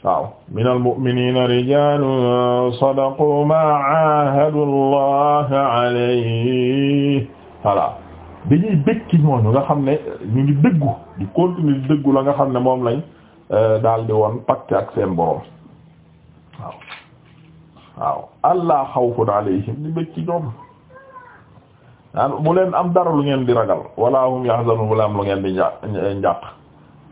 waaw min almuminina rijalun sadaqu ma ahadu allah alayhi voilà dañuy bëkki ñooñu nga xam ne ñu ngi dëggu di continuer di dëggu la nga xam ne moom lañ euh, daal di woon pacte ak seen borom waaw waaw allah xawfun alayhim di bëkki ñoom bu leen am dara lu ngeen di ragal wala hum yahzanun bu leen am lu ngeen di njàq njàq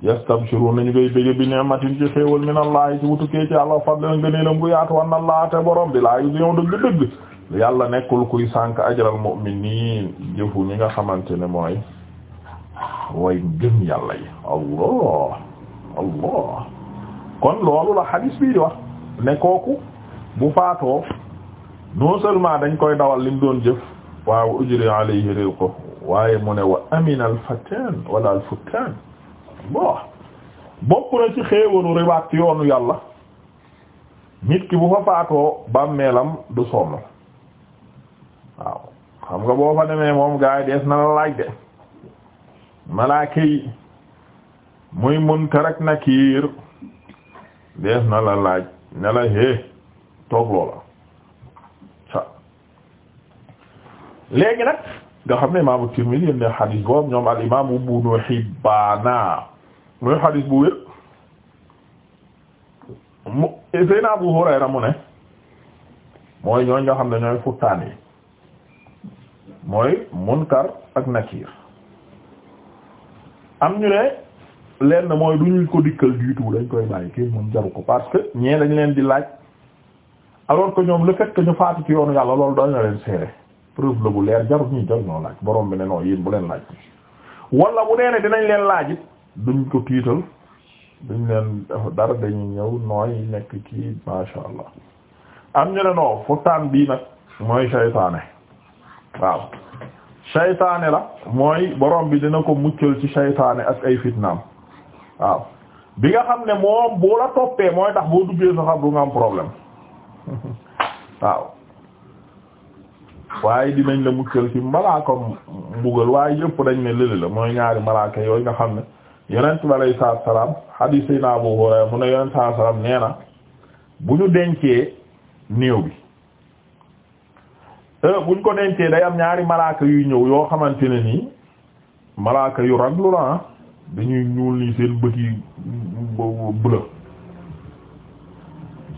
yastabshiruna ñu koy bëgg bi ni'matin ci xéewal min allah ci wutukee ci àlla fadlan ngëneelam gu yaatu wan allah te borom bi laa yu ñëw dëgg dëgg yàlla nekkul kuy sànk ajral mu'minin jëfu ñi nga xamante ne mooy way gëm yàlla allah allah kon loolu la hadis bii di ne kooku bu faatoo non seulement dañ koy dawal lim doon jëf waaw ujri waaye mu ne wa amina al wala al bon bokk na ci xéewalu ribaat yoonu yàlla nit ki bu fa faatoo bàmmeelam du sonn waaw xam nga boo fa demee moom gaa yi dees na la laaj de malaaka yi muy Munkar na Nakiir dees na la laaj ne la hé toog loola léegi nag nga xam ne imaamu Tirmidhi yéen ne xadiis boobu ñoom al imaamu Ibnu Hibbaana muy xadis bu wér mu mu ne mooy ñooñ nga xam ne ñooy futtaan yi mooy munkar ak nakiir am ñu ne leen na mooy du ñu ko dikkal du dañ koy bàyyi kii moom jaru ko parce que ñee dañ leen di laaj alors que ñoom le fait que ñu faatu ci yoonu yàlla loolu dañ na leen seere preuve la bu leer jaru ñuy jaru laaj borom bi ne non yéen bu leen laaj wala bu nee ne dinañ leen laaj duñ ko tiital duñ leen dara dañu ñëw nooy nekk kii masha allah am ñu ne noo furtaan bii nag mooy saytaane waaw saytaane la mooy borom bi dina ko muccal ci saytaane ak ay fitnaam waaw bi nga xam ne moom boo la toppee mooy tax boo duggee sa xam du nga am problème waaw waaye dinañ la muccal ci malaaka mbugal waaye yëpp dañ ne lëli la mooy ñaari malaaka yooyu nga xam ne yonent bi alayhi salaam hadith sayna Abu Hurayra mu ne yonent salaam nee na bu ñu dencee néew bi euh, bu ñu ko dencee day am ñaari malaaka yuy ñëw yoo xamante ne nii malaaka yu raglu la ah, dañuy ñuul nii seen bët yi bleu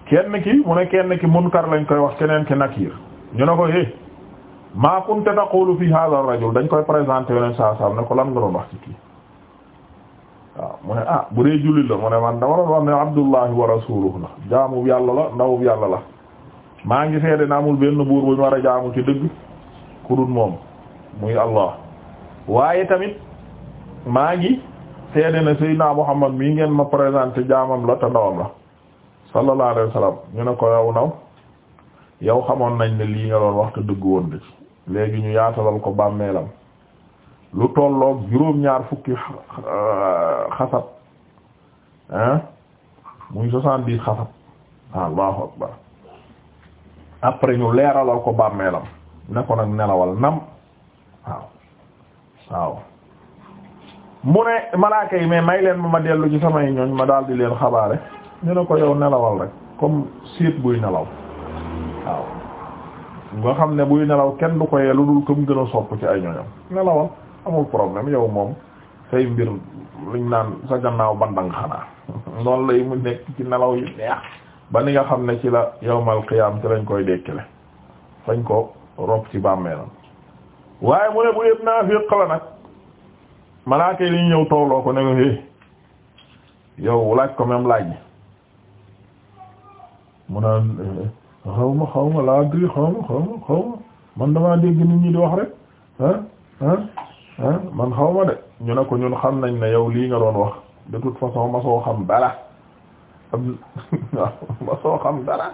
kenn ki mu ne kenn ki munkar lañ koy wax keneen ki nakiir ñu ne ko eh ma kunta taqulu fi hadha ar-rajul dañ koy présenté yonent salaam ne ko lan nga doon wax ci kii. waaw mu ne ah bu dee jullit la mu ne man dama doon wax ne abdullahi wa rasuluhu la jaamu yàlla la ndawub yàlla la maa ngi seede na amul benn buur bu ñu war a jaamu ci dëgg ku dul moom muy allah waaye tamit maa ngi seede na sayyidina muhammad mii ngeen ma présenté jaamam la te ndawam la sallallahu alayhi wa ñu ne ko yow naw yow xamoon nañ ne lii nga doon wax dëgg woon de léegi ñu yaatalal ko bàmmeelam lu tollook juróom-ñaar fukki xasab hein muy soixante-dix xasab allahu akbar après ñu leeralal ko bàmmeelam ne nag nelawal nam waaw waaw mu ne malaaka yi mais may leen ma ma dellu ci samay ñooñ ma daal di leen xabaare ñu ne ko yow nelawal rek comme siit buy nelaw waaw nga xam ne buy nelaw kenn du ko yee lu dul ko gën a sopp ci ay ñooñam nelawal amul problème yow moom say mbir luñ naan sa gannaaw bandang xanaa noonu lay mu nekk ci nelaw yu neex ba ni nga xam ne ci la yawmal qiyaam ci lañ koy dekkile fañ ko rob ci bàmmeelam waaye mu ne bu yëpp naafiq la nag malaaka yi ñëw tooloo ko ne ko hé yow laaj ko même laaj mu naan eh, xaw ma xaw ma laa diri xaw ma xaw ma xaw ma man damaa dégg nit ñi di wax rek ah ah man xaw ma de ñu ne ko ñun xam nañ ne yow lii nga doon wax de toute façon ma soo xam dara ma soo xam dara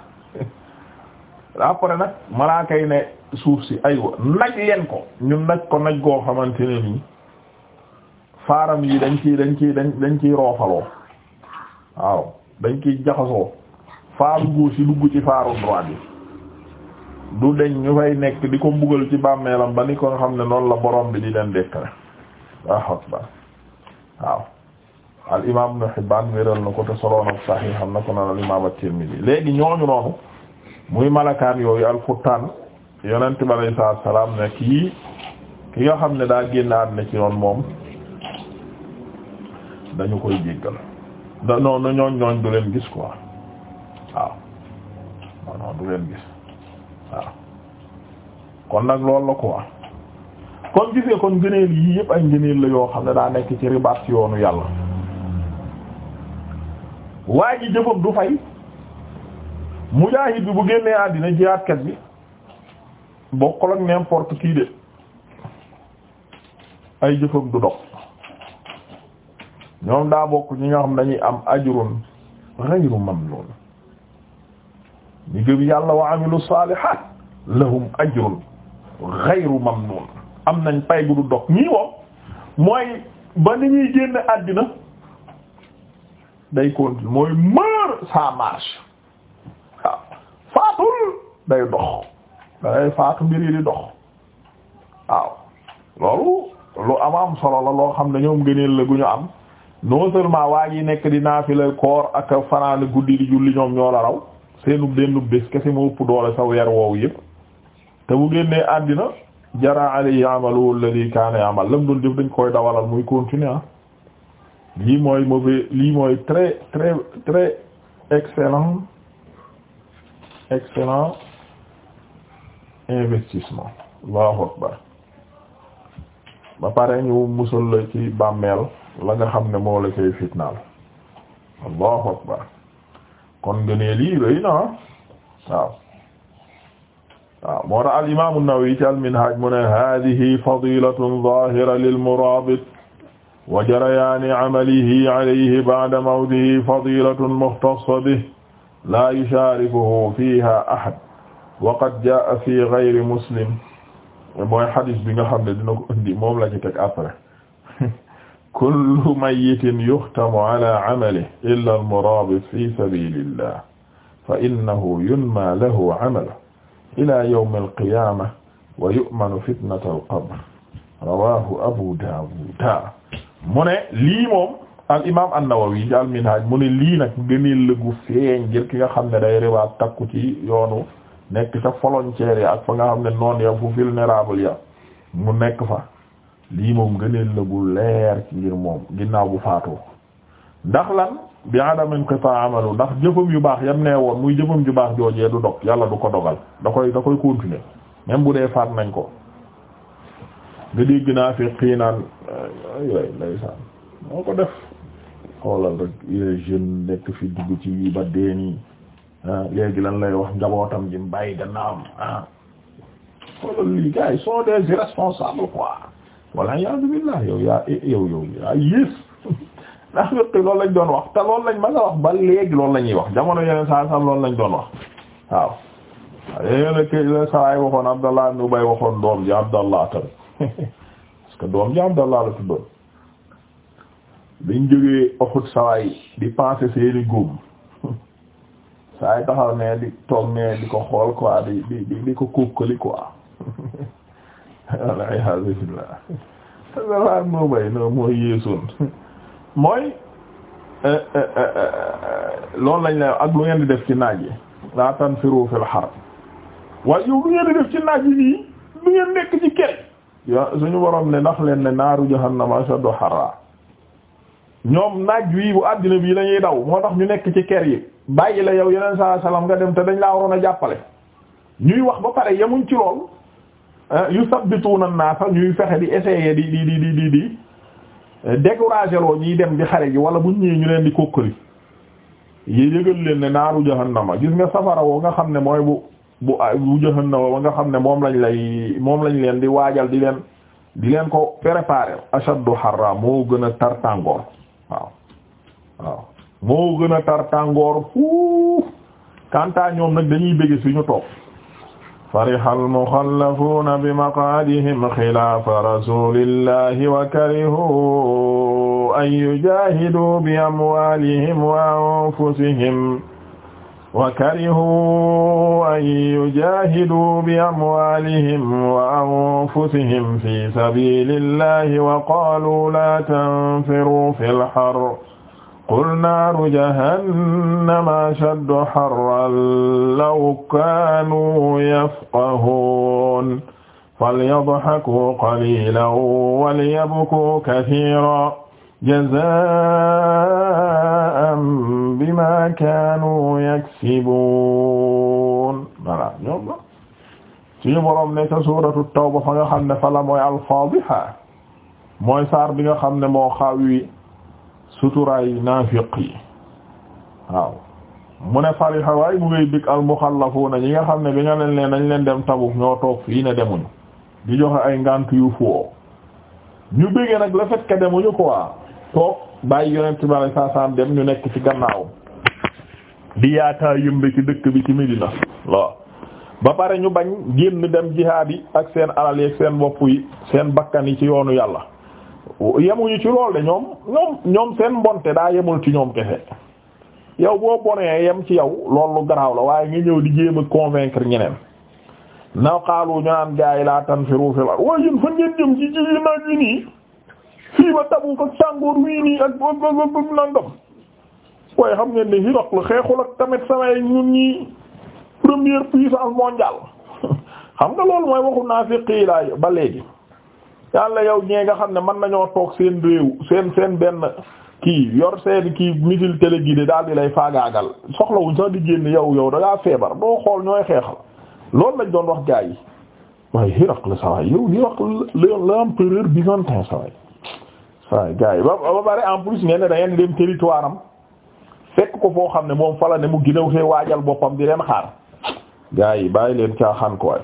après nag malaaka yi ne suuf si aywa naj leen ko ñun naj ko nag goo xamante ne faaram yi dañ ciy dañ ciy dañ dañ ciy roofaloo waaw dañ ciy jaxasoo faaru gauche si dugg ci faaru droite bi du deñ ñu fay nekk di ko mbugal ci bàmmeelam ba ni ko nga xam ne noonu la borom bi di leen dekkale waaw waaw al imaam Ibn wéral na ko te soloon ak saxiixam na ko noonu al imaam at-Tirmidhi léegi ñooñu noonu muy malakaan yooyu al futtaan yonent bi alayhi salaam ne kii ki nga xam ne daa génn àddina ci noonu moom dañu koy jéggal da noonu ñooñ ñooñ du leen gis ko waaw non non du leen gis waaw kon nag loolu la quoi kon gisee kon ngëneel yii yëpp ay ngëneel la yoo xam ne daa nekk ci ribaat ci yoonu yàlla waa ji jëfam du fay mujaahid bi bu génnee àddina jihaadkat bi bokkul ak n'importe qui de ay jëfam du dox ñoom daa bokk ñi nga xam dañuy am ajrun ghayru mamnun ñu gëm yàlla wa amilu salihat lahum ajrun ghayru mamnun am nañ pay gu dox dog ñii moom mooy ba ni ñuy génn àddina day continue mooy meur sa marche faatul day dox day faatu mbir yi di dox waaw loolu lu amaam solo la loo xam ne ñoom gëneel la gu ñu am non seulement waa ji nekk di naafila koor ak fanaana guddi di julli ñoom ñoo la raw seenub dennub bés kese moo ëpp doole sa weer woowu yëpp te bu génnee àddina jara alayhi amalu alladhi kaana ya'mal lam doon jëf dañ koy dawalal muy continuer ah lii mooy mauvais lii mooy très très très excellent excellent investissement Allahu akbar ba pare ñu musal la ci bàmmeel la nga xam ne moo la koy fitnaal Allahu akbar kon ngëneel yi rëy na waaw waaw moo tax al imaamu Nawawi ci al minhaj mu ne hadihi fadilatun zahira lil murabit wa jarayaani amalihi alayhi ba'da mawtihi fadilatun muxtassa bihi laa yushaarikuhu fiihaa ahad wa qad jaa'a fii ghayri muslim mooy hadis bi nga xam ne dina ko indi moom la ci teg après kullu mayyitin yuxtamu ala amalihi illa almurabit fi sabilillah fa innahu yunma lahu amaluhu ila yawmi alqiyama wa yu'manu fitnata alqabr rawahu abu dawuda mu ne lii moom al imam an-nawawi al minhaj mu ne lii nag gëneel lëgu feeñ ngir ki nga xam ne day riwaat takku ci yoonu nekk sa frontière ya ak fa nga xam ne noon ya fu vulnérable ya mu nekk fa lii moom gëneel la leer ci ngir moom ginnaaw bu faatoo ndax lan bi adam inqita amalu ndax jëfam yu baax yam ne woon muy jëfam ju baax joojee du dog yàlla du ko dogal da koy da koy continuer même bu dee faat nañ ko nga dégg naa fi xiinaan yooyu moo ko def xoolal rek jeune nekk fi dugg ci yi ba dee nii ah, léegi lan lay wax njabootam ji mu bàyyi gannaawam ah xoolal lii gars yi sont des irresponsables quoi walla iyaazu billaah yow yaa yow yow yaa yées ndax fekk loolu lañ doon wax te loolu lañ mën a wax ba léegi loolu la ñuy wax jamono yeneen saa sax loolu lañ doon wax waaw. yéen kay la sawaay waxoon Abdallah ibn Ubay waxoon doom ji Abdallah tamit parce que doom ji Abdallah la tuddoon biñ jógee Uhud sawaay di passé seeni góom saay taxaw ne di toog ne di ko xool quoi di di di ko kókkali quoi. waliyasu billah salaan moo bay no mooy yéesoon eh, mooy eh, eh, loolu lañ la ak lu ngeen di def ci naaj yi la tanfiru fil har waaye yow lu ngeen di def ci naaj yi nii lu ngeen nekk ci kër ya suñu borom ne ndax leen ne naaru jahannama ashaddu harra ñoom naaj wi bu àddina bii la ñuy daw moo tax ñu nekk ci ker yi bàyyi la yow yeneen saa salaam nga dem te dañ laa waroon a jàppale ñuy wax ba pare yemuñ ci lool Eh, yusabbituuna an-naasa ñuy fexe di essayer di di di di di eh, décourager loo ñuy dem di xare ji wala bu ñëwee ñu leen di kokkali yi yëgal leen ne naaru jahannama gis nga safara woo nga xam ne mooy bu bu ah, bu jahannama ba nga xam ne moom lañ lay moom lañ leen di waajal di leen di leen ko préparer ashaddu harra moo gën a tar tàngoor waaw waaw moo gën a tar tàngoor fuuf kanta ñoom nag dañuy bëgg suñu toog fariha almuxallafuuna bimaqaadihim xilaafa rasulillahi wa karihuu an yujaahiduu bi amwaalihim wa anfusihim wa karihuu an yujaahiduu bi amwaalihim wa anfusihim fi sabiilillahi wa qaaluu laa tanfiruu fil harr qul naaru jahannama ashaddu harran law kaanuu yafqahuun falyadhakuu qaliilan walyabkuu kathiiran jazaa'an bimaa kaanuu yaksibuun voilà ñoom la suñu boroom ne ca suuratu tawba fa nga xam ne fa la mooy al-faadiha mooy saar bi nga xam ne moo xaawi suturaay naafiq yi waaw mu ne fariha waay mu ngay big al muxallafuuna ñi nga xam ne bi nga leen leen dañ leen dem Tabuk ñoo toog fii ne demuñu di joxe ay ngànt yu foo ñu bëggee nag le fait que demuñu quoi toog bàyyi yonent bi sallallahu alayhi wasallam ñu nekk ci gannaawam di yaataa yëmbe ci dëkk bi ci Medina waaw ba pare ñu bañ génn dem jihaad yi ak seen alal yi ak seen bopp yi seen bakkan yi ci yoonu yàlla yemuñu ci lool de ñoom ñoom ñoom seen mbonte daa yemul ci ñoom kese yow boo bonee yem ci yow loolu garaaw la waaye ngi ñëw di jéem a convaincre ñeneen na xaalu ñu naan gaa yi laa tanfiru fil ar waaye yéen fan ngeen jëm ci ci naaj wi nii fii ba tabu ko tàngoor wii nii ak waaye xam ngeen ne Hiraql xeexul ak tamit samay ñun ñii première puissance mondiale xam nga loolu mooy waxu naafiq yi laay ba léegi. yàlla yow ñee nga xam ne mën nañoo toog seen réew seen seen benn kii yor seen kii missile téléguidé daal di lay faagaagal soxlawuñ sax di génn yow yow da ngaa feebar boo xool ñooy xeexal loolu lañ doon wax gaa yi waaye Héraclius sa waay yow Héraclius l'empereur bi sa waay waaye gaa yi ba ba pare en plus ngeen ne da ngeen dem territoire am fekk ko foo xam ne moom fala ne mu ginnaaw see waajal boppam di leen xaar gaa yi bàyyi leen caaxaan ko waay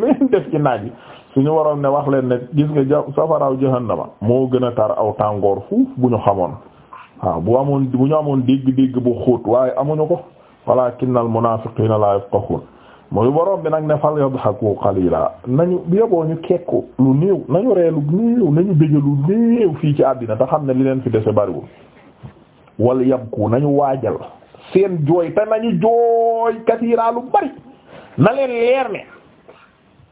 leen yi su ñu waroon ne wax leen ne gis nga ja safaraaw jahannama moo gën a tar aw tàngoor fuuf bu ñu xamoon waaw bu amoon bu ñu amoon dégg-dégg bu xóot waaye amuñu ko walaakinnal munaafiqiina laa yafqahuun mooy borom bi nag ne fal yadhaku qalila nañu yoboo ñu kekku lu néew nañu ree lu néew nañu bége lu néew fii ci àddina te xam ne li leen fi dese bariwul wal yabku nañu waajal seen jooy te nañu jooy kasiiraa lu bari na leen leer ne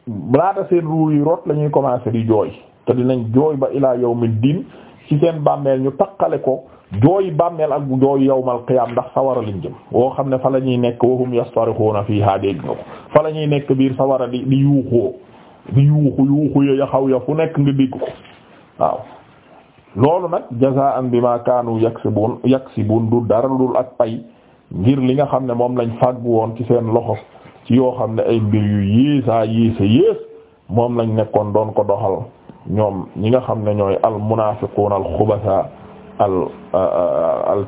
laata seen ruu yi rot la commencer di jooy te dinañ jooy ba ilaa yawmid diin ci seen bàmmeel ñu takkale ko jooy bàmmeel ak jooy yawmal qiyaam ndax sawara liñ jëm woo xam ne fa la ñuy nekk wahum yastarixuuna fiihaa dégg nga ko fa la nekk biir sawara di di yuuxoo di yuuxu yuuxu yaxaw ya fu nekk nga dégg ko waaw loolu nag jazaa'an bimaa kaanu yaksibuun yaksibuun du dara dul ak pay ngir li nga xam ne moom lañ fàgg woon ci seen loxo ci yoo xam ne ay mbir yu yéesa yéesa yées moom lañ nekkoon doon ko doxal ñoom ñi nga xam ne ñooy al munafiqun al xubasa al uh, al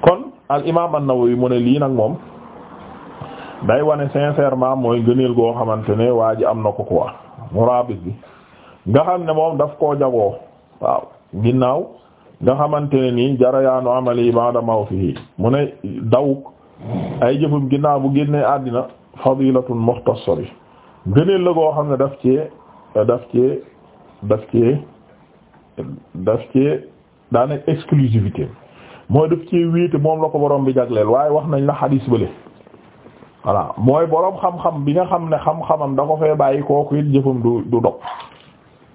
kon al imaam an-Nawawi mu ne lii nag moom day wane sincèrement mooy gëneel goo xamante ne waa ji am na ko quoi murabit bi nga xam ne moom daf koo jagoo waaw ginnaaw nga xamante ne nii jarayaanu amali ba'da mawtihi mu ne daw ay jëfum ginnaaw bu génnee àddina fadilatun muxtassa bi gëneel la goo xam ne daf cee daf ci daf cee daf cee daanaka exclusivité mooy daf ci wéete moom la ko borom bi jagleel waaye wax nañ la xadiis bële voilà mooy boroom xam-xam bi nga xam ne xam-xamam da ko fee bàyyi kooku it jëfum du du dog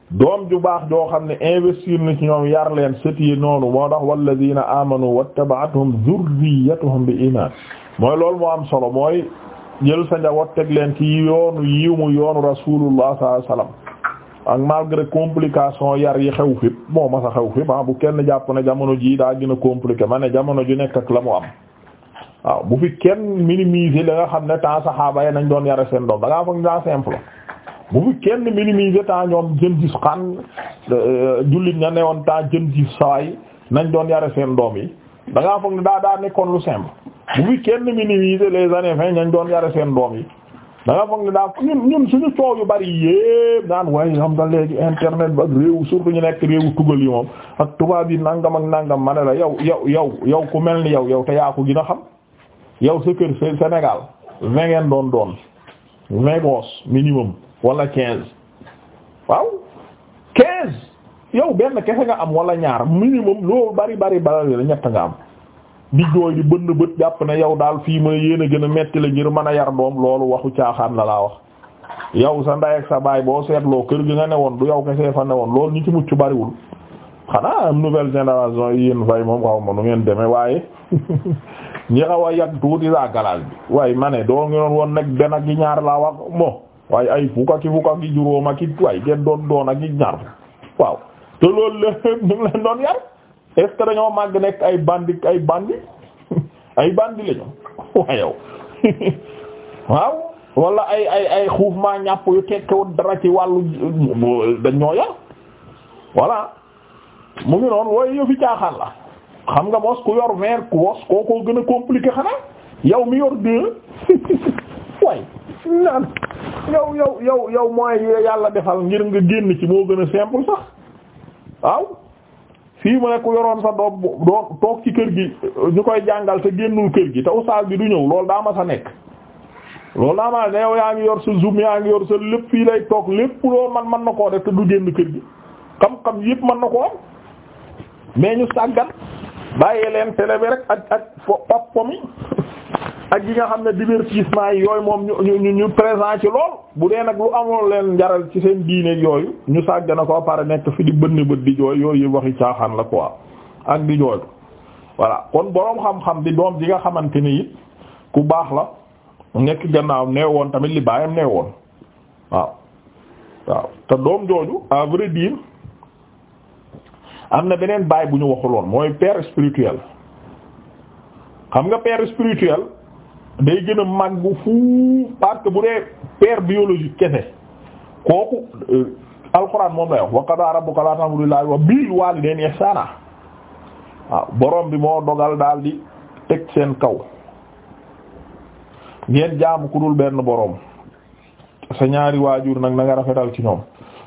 doom ju baax joo xam ne investir na ci ñoom yar leen sët yi noonu moo tax walladina amanu wattaba'athum dhurriyyatuhum bi iman mooy loolu moo am solo mooy jël sa njaboot teg leen ci yoonu yiw mu yoonu rasulullah sallallahu alayhi ak malgré complication yar yi xew fi moo mas a xew fi ah bu kenn jàpp na jamono ji daa gën a compliqué maa ne jamono ji nekk ak la mu am waaw bu fi kenn minimiser la nga xam ne temps saxaaba ye nañ doon yare seen doom da ngaa foog daa simple bu fi kenn minimiser temps ñoom jën gis xan euh, jullit ña newoon temps jën gis sawaay nañ doon yare seen doom yi da ngaa foog ne daa daa nekkoon lu simple bu fi kenn minimiser les années vingt nañ doon yare seen doom yi da ngaa foog ne daa ñun ñun suñu coow yu bari yépp naan waaye xam nga léegi internet ba ak réew surtout ñu nekk réewu tugal yi moom ak tubaab yi nangam ak nangam ma ne la yow yow yow yow ku mel ni yow yow te yaa ko gën a xam yow sa kër Sénégal vingt ngeen doon doon vingt gos minimum wala quinze waaw quinze yow benn kese nga am wala ñaar minimum loolu bari bari bari la ñett nga am di jooy di bënn bët jàpp ne yow daal fii mu ne yéen gën a metti la ngir mën a yar doom loolu waxu caaxaan la laa wax yow sa ndey ak sa baay boo seetloo kër gi nga ne woon du yow kese fa ne woon loolu ñi ci mucc bariwul xanaa am nouvelle génération yéen fay moom xaw ma nu ngeen demee waaye ñi xaw a yàgg tuuti saa galaas bi waaye ma ne doo ngi doon woon ñaar laa wax waaye ay fukka ki fukka ki juróom ak it waaye kenn doon doon ak ñaar waaw te loolu lépp leen doon yar est ce dañoo màgg nekk ay bandi ay bandi ay bandi lañu waaye yow waaw wala ay ay ay xuuf maa ñàpp yu dara ci wàllu dañ ñoo yar voilà mu ngi noonu wooy yëfi caaxaan la xam nga mos ku yor vingt ku mos koo koo gën a compliqué xanaa yow mi yor deux waaye naan yow yow yow yow mooy yàlla defal ngir nga génn ci moo gën a simple sax waaw fii mu ne yoroon sa doom doo toog ci kër gi ñu koy jàngal te génnul kër gi te ustaas bi du ñëw loolu daa ma sa nekk loolu daa ma ne yow yaa ngi yor sa zoom yaa ngi yor sa lépp fii lay toog lépp loolu man man na koo def te du génn kër gi xam-xam yëpp mën na ko am mais ñu sàggan bàyyee leen télé bi rek ak ak fo pap ak yi nga xam ne divertissement yi yooyu moom ñu ñu ñu présent ci lool bu dee nag lu amoon leen njaral ci seen diine yooyu ñu na koo pare nekk fi di bënn bët di jooy yooyu yëpp waxi caaxaan la quoi ak di jooy voilà kon boroom xam-xam di doom ji nga xamante ni it ku baax la nekk gannaaw nee woon tamit li baayam nee woon waaw waaw te doom jooju à vrai dire am na beneen baay bu ñu waxuloon mooy père spirituel xam nga père spirituel day gëna a màgg fu parce que bu dee père biologique kese kooku euh, alxuraan moom lay wax wa qadaa rabbuka laa ta'budu illaa wa bil waalidayni ihsaana waaw borom bi moo dogal daal di teg seen kaw ngeen jaamu ku dul benn borom sa ñaari waajur nag na nga rafetal ci ñoom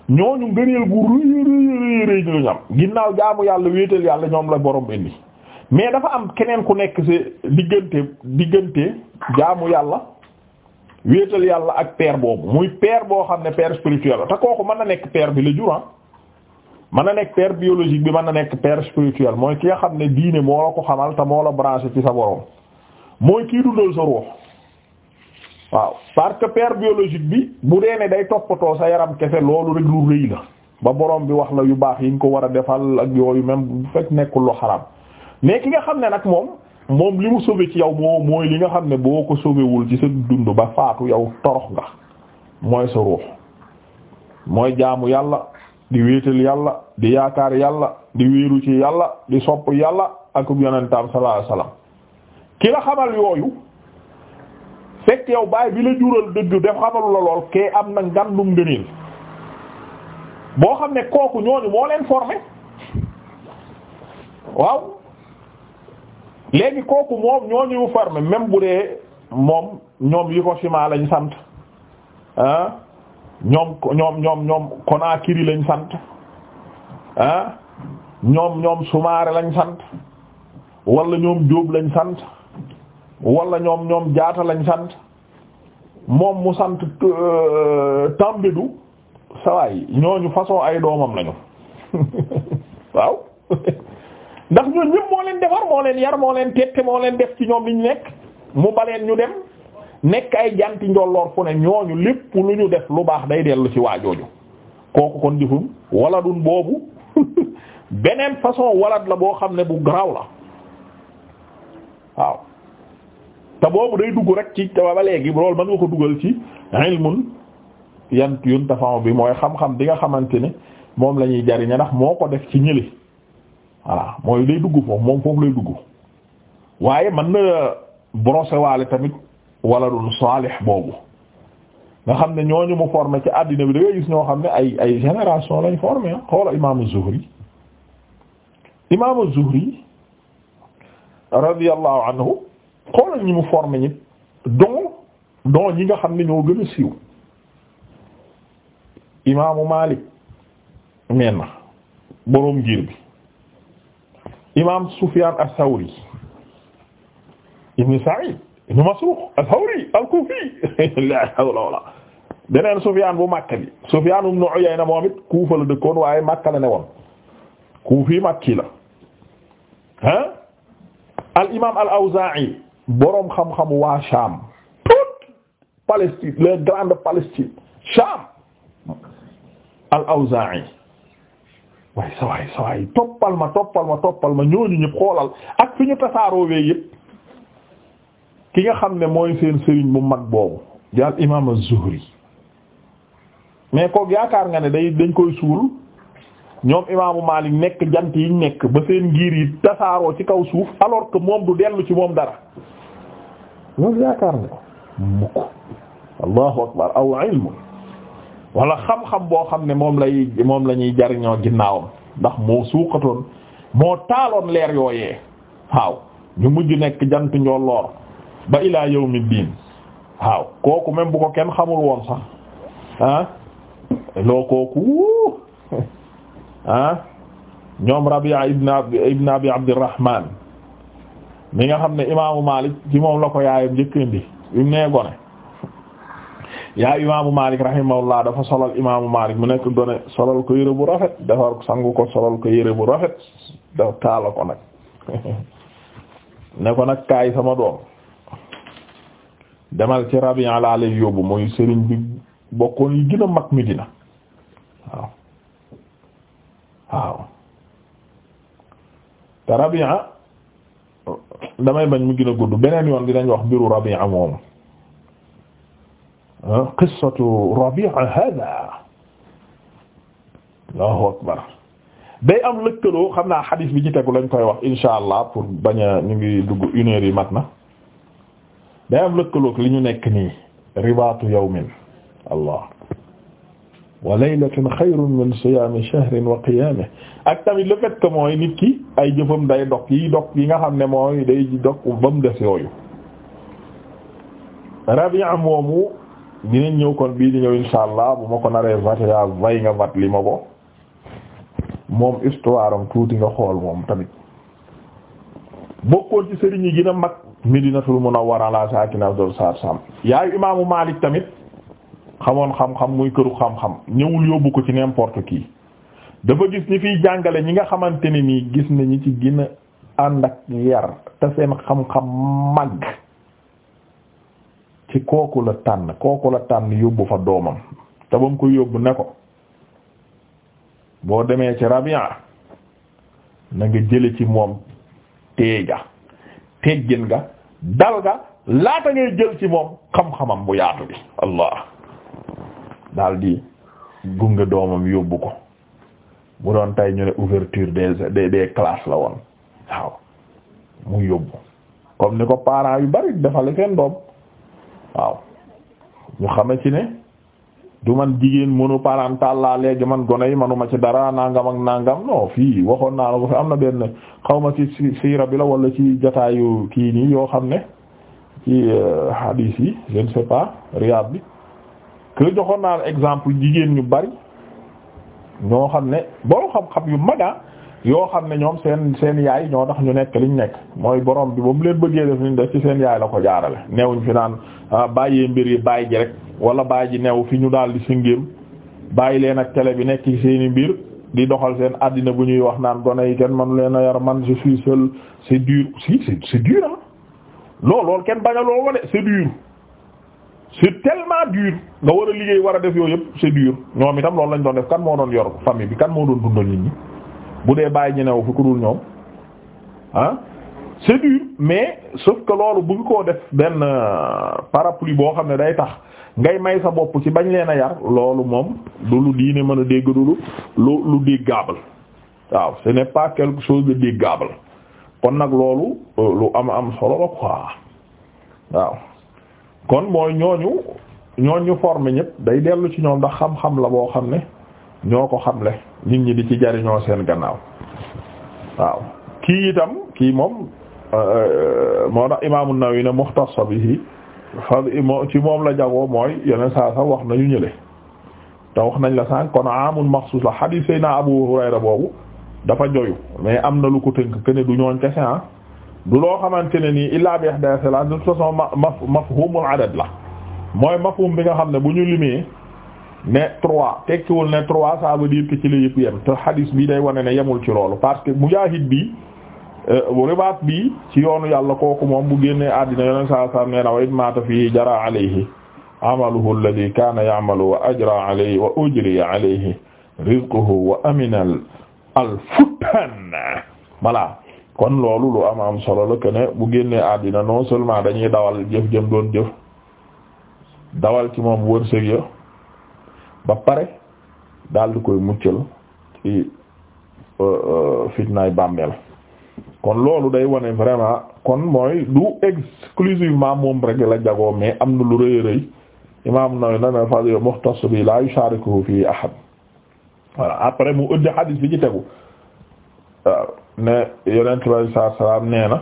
ñooñu ngëneel gu rëy rëy rëy ñu am ginnaaw jaamu yàlla wéetal yàlla ñoom la borom indi mais dafa am keneen ku nekk ci diggante diggante. jaamu yàlla wéetal yàlla ak père boobu muy père boo xam ne père spirituel te kooku mën a nekk peer bi la jur ah. mën na nekk père biologique bi mën na nekk père spirituel mooy ki nga xam ne diine moo ko xamal te moo la branché ci sa borom mooy kii dundal sa ruux waaw parce que père biologique bi bu dee ne day toppatoo sa yaram kese loolu rek lu rëy la ba borom bi wax la yu baax yi nga ko war a defal ak yooyu même bu fekk nekkul lu xaraam mais ki nga xam ne nag moom. moom li mu sauvé ci yaw moo mooy li nga xam ne boo ko sauvé ci sa dund ba faatu yow torox nga mooy sa ruux mooy jaamu yàlla di wéetal yàlla di yaakaar yàlla di wéeru ci yàlla di sopp yàlla ak yonentam sallallahu alayhi wasallam ki la xamal yooyu fekk yow baay bi la jural dëgg def xamalu la lool kee am na ngandum ngëneel boo xam ne kooku ñooñu moo leen formé waaw léegi kooku moom ñoo ñuy formé même bu dee moom ñoom Hiroshima lañu sant ah ñoom ñoom ñoom ñoom Conakry lañ sant ah ñoom ñoom Soumaré lañ sant wala ñoom Diop lañ sant walla ñoom ñoom Diatta lañ sant moom mu sant euh, Tambédou sawaay ñooñu façon ay doomam lañu ndax ñooñu ñëpp moo leen defar moo leen yar moo leen tette moo leen def ci ñoom li ñu nekk mu baleen ñu dem nekk ay janti njolloor fu ne ñooñu lépp lu ñu def lu baax day dellu ci waajooju kooku kon jëfum waladun boobu beneen façon walad la boo xam ne bu garaaw la waaw te boobu day dugg rek ci ba léegi loolu mën nga ko dugal ci ilmun yan yun tafan bi mooy xam-xam bi nga xamante ne moom lañuy ñuy jariñ ndax moo ko def ci ñëli voilà mooy day dugg foofu moom foofu lay dugg waaye mën na brosser waale tamit waladun salih boobu nga xam ne ñooñu mu formé ci àddina bi da gis ñoo xam ne ay ay génération lañ formé ah xoola imaamu Zuhri imaamu Zuhri radiyallahu anhu xoolal ñi mu formé ñi don don ñi nga xam ne ñoo gën a siiw imaamu Maalik men na boroom bi imaam Sufyaan as-Sawri ibn Sa'iid ibn Masruuq as-Sawri al-Kuufi laa hawla wala beneen Sufyaan bu Makka bi Sufyaan ibn Uyayna moom it Kuufa la dëkkoon waaye Makka la ne woon Kuufi Makki la ah al imaam al-Awzaa'i boroom xam-xamu waa Shaam toute Palestine les grandes Palestine Shaam al-Awzaa'i waaye sawaay sawaay toppal ma toppal ma toppal ma ñooñu ñépp xoolal ak fi ñu tasaaroo wee yëpp ki nga xam ne mooy seen sëriñ bu mag boobu di imaam az mais kook yaakaar nga ne day dañ koy suul ñoom imaamu Maalik nekk jant yiñ nekk ba seen ngir yi tasaaroo ci kaw suuf alors que moom du dellu ci moom dara loolu yaakaar nga mukk allahu akbar aw ilmu wala xam-xam boo xam ne moom lay moom la jariñoo ginnaawam ndax moo suuqatoon moo taaloon leer yooyee waaw ñu mujj nekk jant njolloor ba ilaa yawmi diin waaw kooku même bu ko kenn xamul woon sax ah loo kooku ah ñoom Rabia ibn ibn Abi Abdurrahman mi nga xam ne imaamu Malik ci moom la ko yaayam njëkkandi bi mu gone yaa imaamu Malik rahimahullah dafa solal imaamu Malik mu nekk doone solal ko yére bu rafet defar ko sangu ko solal ko yére bu rafet da taala ko nag ne ko nag kaay sama doom demal ci Rabi' al yóbbu mooy sëriñ bi bokkoon yi gën a mag Medina waaw waaw te Rabi'a damay bañ mu gën a gudd beneen yoon dinañ wax mbiru Rabi'a moomu qissatu Rabi'a hada Allahu akbar day am lëkkaloo xam naa xadis bi ci tegu lañ koy wax insha allah pour bañ a ñu ngi dugg une heure yi mat na day am lëkkaloog li ñu nekk nii ribaatu yawmin allah wa laylatun xayrun min siyaami shahrin wa qiyaamihi ak tamit le fait que mooy nit ki ay jëfam day dog yi dog yi nga xam ne mooy day dog ba mu def yooyu Rabi'a moomu dinañ ñëw kon bii di ñëw insha bu ma ko naree vate yaa vay nga vat li ma ko moom histoire tuuti nga xool moom tamit bokkoon ci sëriñ yi gën a mag Medinatul Munawwara ala saakina afdal saat sam yaayu imaamu Maalik tamit xamoon xam-xam muy këru xam-xam ñëwul yóbbu ko ci n'importe kii dafa gis ñi fiy jàngale ñi nga xamante ni nii gis na ñi ci gën a ànd ak yar te xam-xam mag ci kooku la tànn kooku la tànn yóbbu fa doomam te ba mu ko yóbbu ne ko boo demee ci Rabia na nga jële ci moom teega teggin ga dal ga laata ngay jël ci moom xam-xamam bu yaatu bi allah daldi gunge doomam yóbbu ko bu doon tey ñu ne ouverture des des classes la woon waaw mu yóbbu comme ni ko parents yu bari defale seen doom waaw ñu xame ci ne du man jigéen monoparental laa léegi man gone yi manuma ci dara nangam ak nangam non fii waxoon naa la fi am na benn xawma ci siira bi la wala ci jataayu kii nii yoo xam ne ci euh, hadis yi je ne sais pas Riyad bi que joxoon naa exemple jigéen ñu bari ñoo xam ne boo xam-xam yu maga ah, yoo xam ne ñoom seen seen yaay ñoo tax ñu nekk liñ nekk mooy borom bi ba mu leen bëggee def liñ def ci seen yaay la ko jaarale ñu fi naan ah, bàyyee mbir yi bàyyi ji rek wala bàyyi ji new fi ñu daal di singéem bàyyi leen ak télé bi nekk ci seen i mbir di doxal seen àddina bu ñuy wax naan gone yi kenn manu leen a yar man je suis seul c'est dur si c'est c'est dur ah loolu kenn bañ a loo wane c'est dur c'est tellement nga war a liggéey war a def yooyu yëpp c'est dur ñoom itam loolu lañ doon def kan moo doon yor famille bi kan moo doon dundal nit ñi bu dee bàyyi ñu new fi ku dul ñoom ah c'est dur mais sauf que loolu bëgg koo def benn euh, parapluie boo xam ne day tax ngay may sa bopp ci bañ leen a yar loolu moom du lu diine mën a dégg du lu lu déggable waaw ce n'est pas quelque chose de déggable kon nag loolu euh, lu am am solo la waaw kon mooy ñooñu ñooñu formé ñëpp day dellu ci ñoom ndax xam-xam la boo xam ne ñoo ko xamle nit ñi di ci jariñoo seen gannaaw waaw kii itam kii moom euh, moo tax imaamu Nawawi ne muxtassa bihi ci moom la jagoo mooy yeneen saa sax wax nañu ñële te wax nañ la sànq kon amul maxsuus la xadiis Seydina Abu Hurayra boobu dafa joyu mais am na lu ko tënk que ne du ñooñ kese ah du loo xamante ne nii illaa bi ihda salat de toute façon ma mafhumul adad la mooy mafhum bi nga xam ne bu ñu limee. ne trois tekkiwul ne trois ça veut ci la yëpp yem te hadis bi day wane ne yemul ci loolu parce que mujaahid bi euh, ribaat bi ci yoonu yàlla kooku moom bu génnee àddina yoneen saa saa nee na wa it maata fii jara amaluhu alladhi kaana ya'malu wa ajra alayhi wa ujriya alayhi rizquhu wa amina al futtan voilà kon loolu lu am am solo la que ne bu génnee àddina non seulement dañuy dawal jëf jëm doon jëf dawal ci moom wërsëg ya ba pare daal di koy muccal euh, euh, fitnaay bàmmeel kon loolu day wane vraiment kon mooy du exclusivement moom rek la jagoo mais am na lu rëy rëy imaam Nawawi na fa muxtas bi la yusharikuhu fi ahad après mu ëddi hadis bi ci tegu euh, ne yonent bi alayhi salaam nee na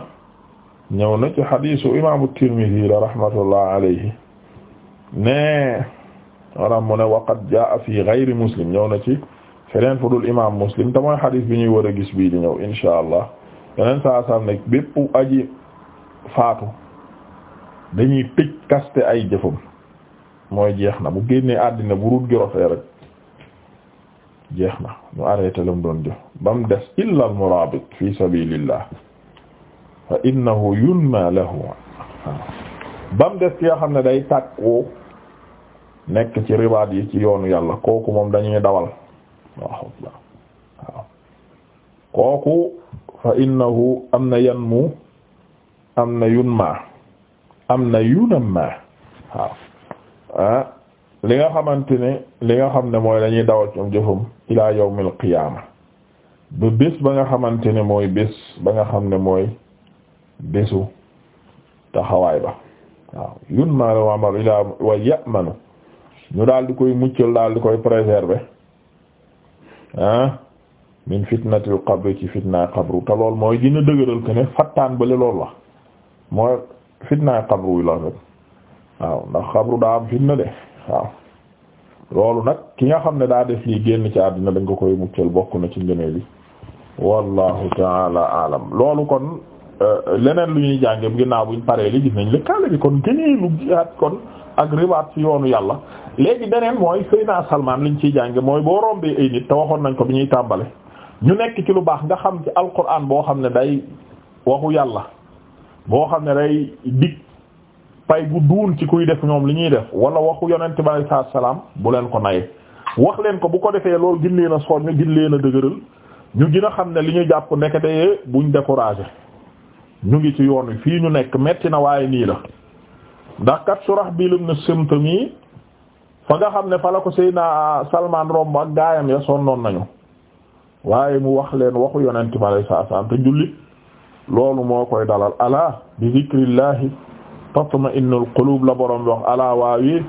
ñëw na ci hadisu imaamu Tirmidhi la rahmatullah alayhi wala mu ne waqad jaa fi ghayri muslim ñëw na ci feneen fu dul muslim te mooy bi ñuy war gis bii di ñëw insha allah yeneen saa nekk bépp aji faatu dañuy tëj kaste ay jëfam mooy jeex na bu génnee àddina bu ruut gi rek jeex na ñu arrêté lam doon jëf ba mu des illa al fi sabilillah fa innahu yunma lahu ba mu des ki nga xam ne day tàkkoo nekk ci ribaat yi ci yoonu yàlla kooku moom dañuy dawal kooku fa innahu am na yanmu am na yunma am na yunamma waaw ah li nga xamante ne li nga xam ne mooy dañuy dawal ci am jëfam ila yawmil qiyaama bés ba nga xamante ne mooy bés ba nga xam ne mooy bésu taxawaay ba waaw yunma la wa amal ila wa ya'manu ñu daal di koy muccal daal di koy préserver ah min fitnatil ci fitnaay qabru te lool mooy dina dëgëral ko ne fattaan bale loolu la mooy fitnaay qabru la rek waaw ndax xabru daa am fitna de waaw loolu nag ki nga xam ne daa def lii génn ci àddina dañ ko koy muccal bokk na ci ngëneel li wallahu taala alam loolu kon Euh, leneen lu ñuy jànge bu ñu paree li gis nañ lëkkaale bi kon gënee lu jihaad kon ak ribaat ci yoonu yàlla léegi beneen mooy Seydina Salmaan liñ ciy jànge mooy boo rombee ay nit te waxoon nañ ko bu ñuy tàmbale ñu nekk ki lu baax nga xam ci alquran boo xam ne day waxu yàlla boo xam ne day dig pay gu duun ci kuy def ñoom li ñuy def wala waxu yonent bi alayhi salaatu salaam bu leen ko naye wax leen ko bu ko defee lool gin leen a soññ gin leen a dëgëral ñu gën a xam ne li ñu jàpp nekkete buñ découragé ñu ngi ci yoon wi fii ñu nekk metti na waaye nii la ndax kat Surahbil ibn Simt mi fa nga xam ne fa la ko Seydina Salman romb ak gaayam ya sonnoon nañu waaye mu wax leen waxu yonent bi alayhi salaam te jullit loolu moo koy dalal ala bi zikrillahi tatma'innul qulub la borom bi wax ala waawi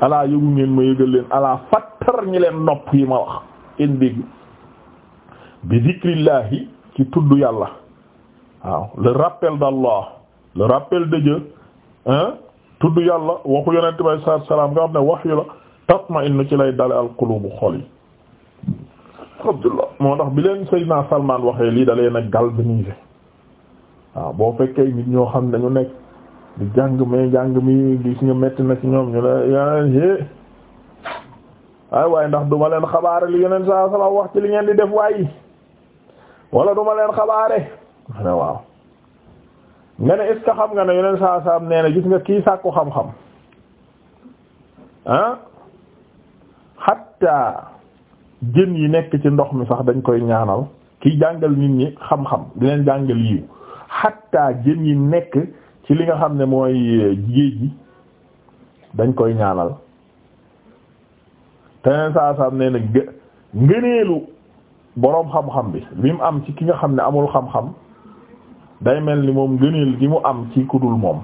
ala yëgu ngeen ma yëgal leen ala fattar ñi leen nopp yi ma wax indi bi zikrillahi ci tudd yàlla waaw le rappel d'Allah le rappel de Dieu hein tudd yàlla waxu yonent bi saa salaam nga xam ne wax yu la tatma'innu ci lay dale al qulubu xol yi Abdullah moo tax bi leen Seydina Salman waxee lii dalee nag galvanisé waaw boo fekkee nit ñoo xam ne dañu nekk di jàng mais jàng mi gis nga metti na ci ñoom ñu la yaay waaye ndax duma leen xabaare li yonent saa salaam wax ci li ngeen di def waaye wala duma leen xabaare waaw nga ne est-ce xam nga ne yeneen saa saa nee na gis nga kii sàkku xam-xam ah hatta jën yi nekk ci ndox mi sax dañ koy ñaanal kiy jàngal nit ñi xam-xam di leen jàngal yiw hatta jën yi nekk ci li nga xam ne mooy géej gi dañ koy ñaanal te yeneen saa saa nee na ngëneelu boroom xam-xam bi li am ci ki nga xam ne amul xam-xam. day mel ni moom gëneel gi mu am ci kudul moom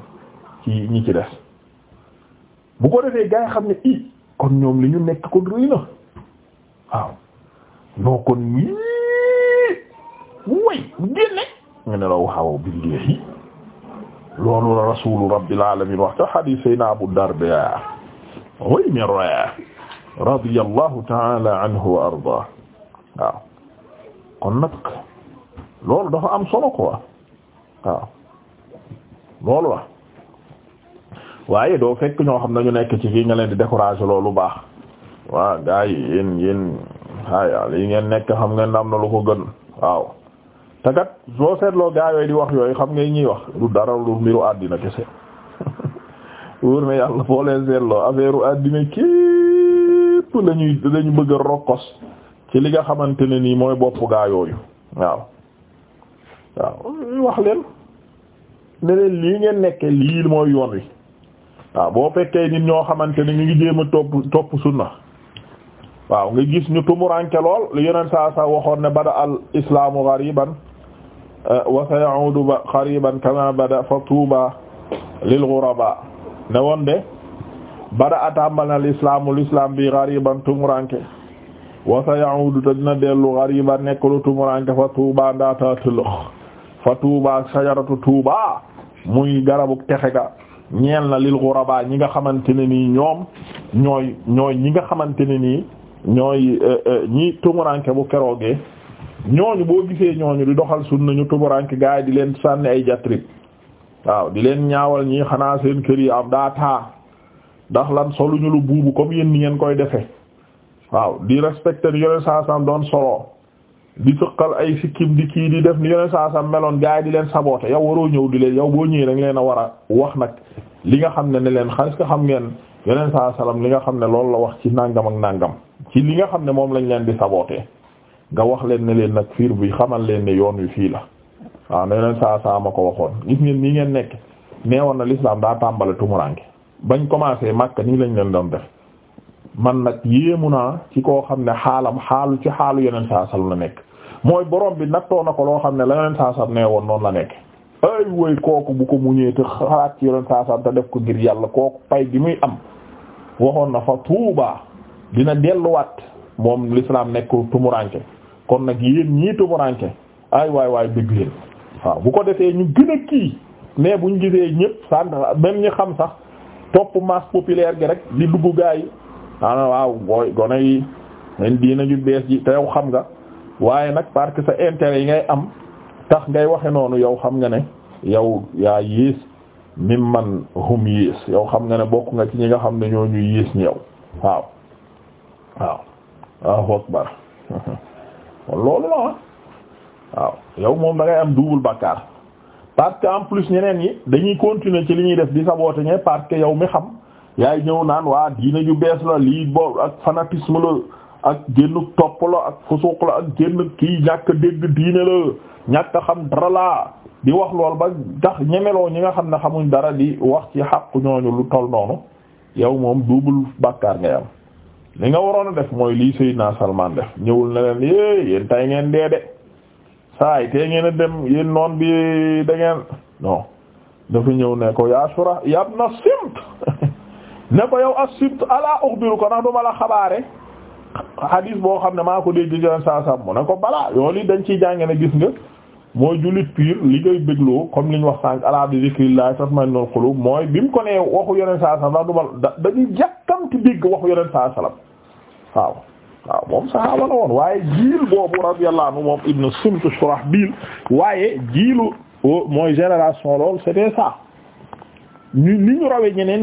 ci ñi ci des bu ko defee gaa xam ne kon ñoom li ñu nekk kon rëy na waaw noo kon yii way génne nga ne la waaw billahi loolu la rasulu rabbil alamin wax ca hadith sayna abu darda way mi ra radiyallahu ta'ala anhu wa arda waaw kon nag loolu dafa am solo quoi waaw loolu la waaye doo fekk ñoo xam nañu nekk ci fii nga leen di décourager loolu baax waaw gars yi yéen yéen aya lii ngeen nekk xam ngeen am na lu ko gën waaw te kat soo seetloo gaa yooyu di wax yooyu xam ngay ñuy wax lu dara lu mbiru àddina kese wóor na yàlla boo leen seetloo affaire àddina képp lañuy lañu bëgg a rokkos ci li nga xamante ne nii mooy bopp gaa yooyu waaw waaw wax leen ne leen lii ngeen nekke lii mooy yoon wi waaw boo fekkee nit ñoo xamante ne ñu ngi jéem a topp topp sunna waaw nga gis ñu tumuranke lool lu yeneen saa waxoon ne bada al islaamu ghariban eh, wa sayaudu ghariban kama bada fa tuuba lil ghuraba ne woon de bada atàmbal na al islaamu l'islam bi ghariban tumuranke wa sayaudu te dina dellu ghariban nekk lu tumuranke fa tuuba ndaata tëlëx fa tuuba ak sajaratu tuuba muy garabu texe ga ñeel na lil ghuraba ñi nga xamante ne nii ñoom ñooy ñooy ñi nga xamante ne nii ñooy euh, euh, ñi tumuranke bu keroogee ñooñu boo gisee ñooñu di doxal sunna nañu tumuranke gaa yi di leen sànni ay jatrib waaw di leen ñaawal ñii xanaa seen kër yi am daa taa ndax lan soluñu lu buubu comme yéen ni ngeen koy defe waaw di respecté ni yore saa sam doon solo di sëqal ay sikkim di kii di def ni yeneen saa sam meloon gars yi di leen saboote yow waroo ñëw di leen yow boo ñëwee da nga leen a war a wax nag li nga xam ne ne leen xaalis xam ngeen yeneen saa li nga xam ne loolu la wax ci nàngam ak nàngam ci li nga xam ne moom lañ leen di saboote nga wax leen ne leen nag fiir bi xamal leen ne yoon wi fii la waaw ne yeneen saa saa ma ko waxoon gis ngeen nii ngeen nekk neewoon na l'islam daa tàmbale tumurange bañ commencé Makka nii lañ leen doon def man nag yéemu naa ci koo xam ne xaalam xaalu ci xaalu yeneen saa sallam la nekk mooy borom bi nattoo na ko loo xam ne la yeneen saa sallam nee woon noonu la nekk ay kooku bu ko muñee te xalaat ci yeneen saa sallam te def ko ngir yàlla kooku pay gi muy am waxoon na fa tuubaa dina delluwaat moom l'islam nekk tumuranke kon nag yéen ay waay waay dëgg leen waaw bu ko defee ñu gën a kii mais buñ gisee ñëpp sant même ñi xam sax topp masse populaire gi rek di dugg gaa yi ana waaw gooy gone yi len diina ju bees ji te yow xam nga waaye nag parce que sa intérêt yi ngay am tax ngay waxe noonu yow xam nga ne yow yaa yiis mimman hum yiis yow xam nga ne bokk nga ci ñi nga xam ne ñoo ñu yiis ñi yow waaw waaw waaw akbar loolu la waaw yow moom da ngay am double bàkkaar parce que en plus ñeneen yi dañuy continuer ci li ñuy def di saboter ñe parce que yow mi xam yaay ñëw naan waa diina ju bees la lii boobu ak fanatisme la ak génn topp la ak fusuq la ak génn kii ñàkk dégg diine la ñàkk xam dara laa di wax lool ba tax ñemeloo ñi nga xam ne xamuñ dara di wax ci xàqu ñooñu lu toll noonu yow moom duubul bàkkaar ngay li nga waroon a def mooy lii Seydina Salman def ñëwul na leen é yéen tay ngeen dee de saay tey ngeen a dem yéen noon bi da ngeen dafa ñëw ne ko yaa sura yab na simt ne ko yow asibt ala ukhbiru ko ndax du la xabaare hadis boo xam ne maa ko dee jëjëran saa sam mu ne ko balaa yoon yi dañ ciy jànge ne gis nga mooy jullit pire li ngay bégloo comme li ñu wax sànq ala bi zikrillah tatma'innul qulub mooy bi mu ko nee waxu yeneen saa salam ndax du da dañuy jàkkamti dégg waxu yeneen saa salam waaw waaw moom sahaaba la woon waaye jiil boobu radiyallahu anhu moom ibn Simt Shurahbil waaye jiilu mooy génération lool c'était ça ñu ni ñu rawee ñeneen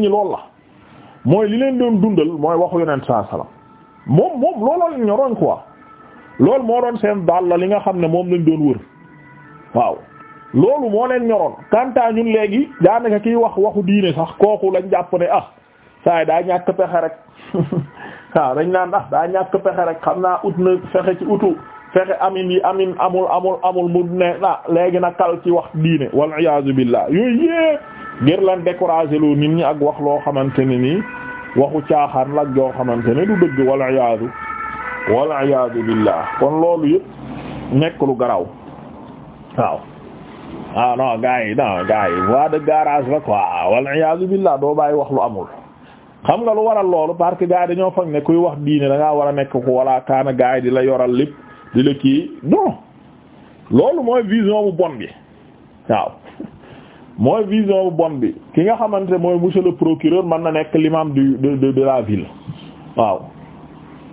mooy li leen doon dundal mooy waxu yonent saa salaam moom moom looloo leen ñoroon quoi lool moo doon seen daal la li nga xam ne moom lañ doon wër waaw loolu moo leen ñoroon kantaa ñun léegi daanaka kiy wax waxu diine sax kooku lañ jàpp ne ah saa yi daa ñàkk pexe rek waaw dañ naan ah daa ñàkk pexe rek xam naa ut na fexe ci utu fexe amin yi amin amul amul amul mu ne ah léegi na kal ci wax diine wal iyaazu billah yooyu yépp ngir lan décourager nit ñi ak wax loo xamante ne nii waxu caaxaan la ak joo xamante ne du dëgg wal iyaadu wal iyaadu billah kon loolu yëpp nekk lu garaw waaw ah non gars yi non gars yi voie de garage la quoi wal iyaadu billah doo bàyyi wax lu amul. xam nga lu waral loolu parce que gars dañoo foog ne kuy wax diine da war a nekk ko wala kaana gars di la yoral lépp di la kii non loolu mooy vision bu bon bi waaw. mooy vision bu bon bi ki nga xamante mooy monsieur le procureur mën na nekk l'imam du de de la ville waaw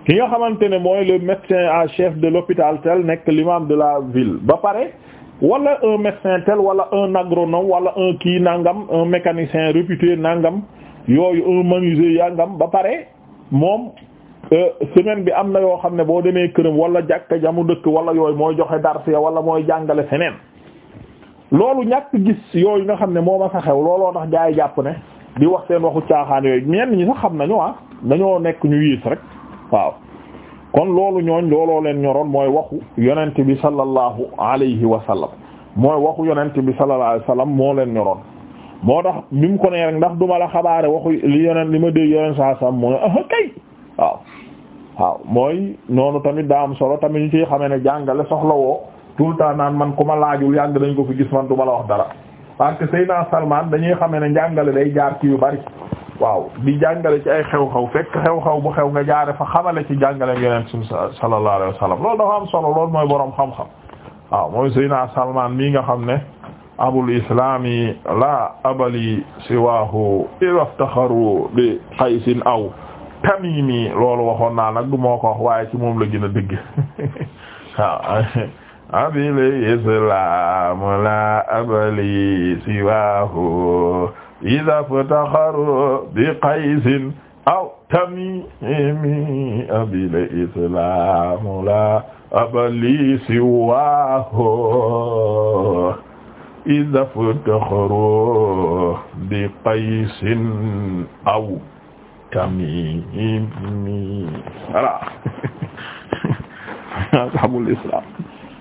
ki nga xamante ne mooy le médecin en chef de l'hôpital tel nekk l'imam de la ville ba pare wala un médecin tel wala un agronome wala un kii nangam un mécanicien réputé nangam yooyu un menuisier yangam ba pare moom euh, semaine bi am na yoo xam ne boo demee këram wala jàkka jamu dëkk wala yooyu mooy joxe darse wala mooy jàngale seneen loolu ñàkk gis yooyu nga xam ne moo ma sa xew looloo tax gaa yi jàpp ne di wax seen waxu caaxaan yooyu ñenn ñi sax xam nañu ah dañoo nekk ñu yiis rek waaw kon loolu ñooñ looloo leen ñoroon mooy waxu yonent bi sallallahu alayhi wa sallam mooy waxu yonent bi sallallahu alayhi wa moo leen ñoroon moo tax bi mu ko nee rek ndax duma la xabaare waxu li li ma dégg yonent saa sam mu ne ah kay waaw mooy noonu tamit daa am solo tamit ñu ci xamee ne jàngale soxla woo tout le man ku ma laajul yàgg nañ ko fi gis man du ma la wax dara parce que Seydina Salman dañuy xame ne jàngale day jaar ci yu bari waaw di jàngale ci ay xew-xew fekk xew-xew bu xew nga jaare fa xamale ci jàngale yeneen suñu sallallahu alayhi wa sallam loolu dafa am solo loolu mooy boroom xam-xam waaw mooy Seydina Salman mii nga xam ne abul islami la abali siwaahu iraftaxaru bi qaysin aw tamimi loolu waxoon naa nag du ko wax waaye ci moom la gën a abile islaam la abali siwaahu ida ftaxaru bi qaysin aw tamimi abile islaam la abali siwaahu ida ftaxaru bi qaysin aw tamimi ala ashabul islam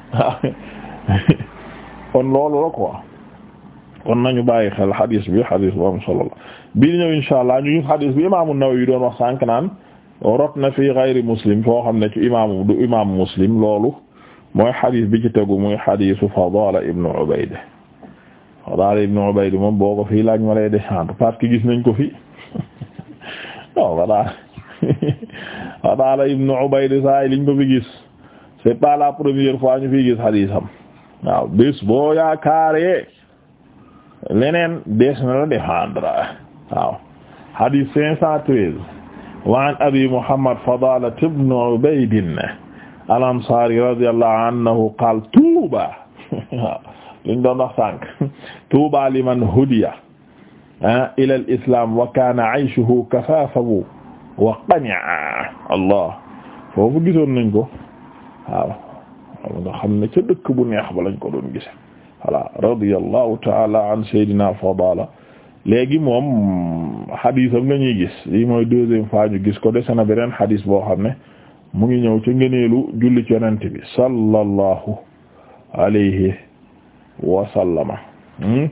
kon loolu la kon nañu bàyyi xel xadis bi xadis bu am solo la bii di ñëw insha allah ñu gis xadis bi imaamu Nawawi doon wax sànq naan rot na fi gayri muslim foo xam ne ci imaamu du imaamu muslim loolu mooy xadis bi ci tegu muy xadisu Fadala ibnu Ubayd Fadala ibnu moom boo ko fii laaj ma lay descendre parce gis nañ ko fi liñ ko fi gis. c'est pas la première fois ñu fi gis xadiisam waaw bis boo yaakaaree leneen dees na la défendre waaw xadiis cinq cent treize wa an abi muhammad fadala ibn ubayd al ansari radiyallahu anhu qaal tuuba waaw liñ doon wax sànq tuuba liman hudiya ah, ila al islam wa kana ayshuhu kafafahu wa qani'a allah foofu gisoon nañ ko waaw nga xam ne ca dëkk bu neex ba lañ ko doon gise voilà radiyallahu taala an Seydina Fadala léegi moom xadisam la ñuy gis lii mooy deuxième fois gis ko dese na beneen xadis boo xam ne mu ngi ñëw ci ngëneelu julli ci yonent bi sallallahu alayhi wa sallama hmm?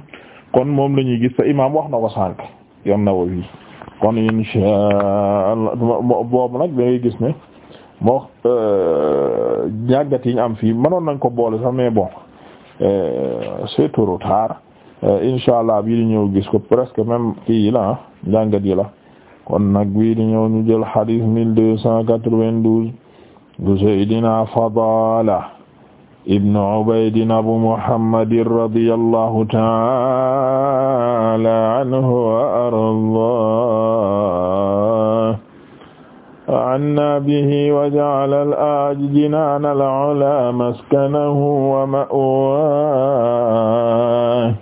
kon moom la ñuy gis te imaam wax na ko sànq yoon na wa kon insha Allah boobu nag da ngay gis ne. moo euh, ñàggat yi am fii mënoon nañ ko boole sax mais bon euh, c'est trop tard euh, incha allah bii di ñëw gis ko presque même kii yi la ah, njàngat yi la kon nag bii di ñëw ñu jël hadith mille deux cent quatre-vingt-douze bu Abu Muhammadin radiyallahu ta'ala anhu wa arda anna bihi wa ja'ala al-aaj jinaana al-'ulaa maskanahu wa ma'waahu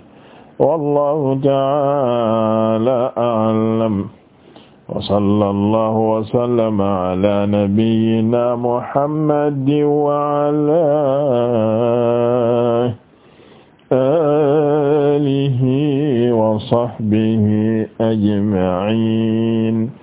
wallaahu ta'aalaa a'lam wa sallallaahu wa sallama 'alaa nabiyyinaa Muhammadin wa 'alaa aalihi wa sahbihi ajma'iin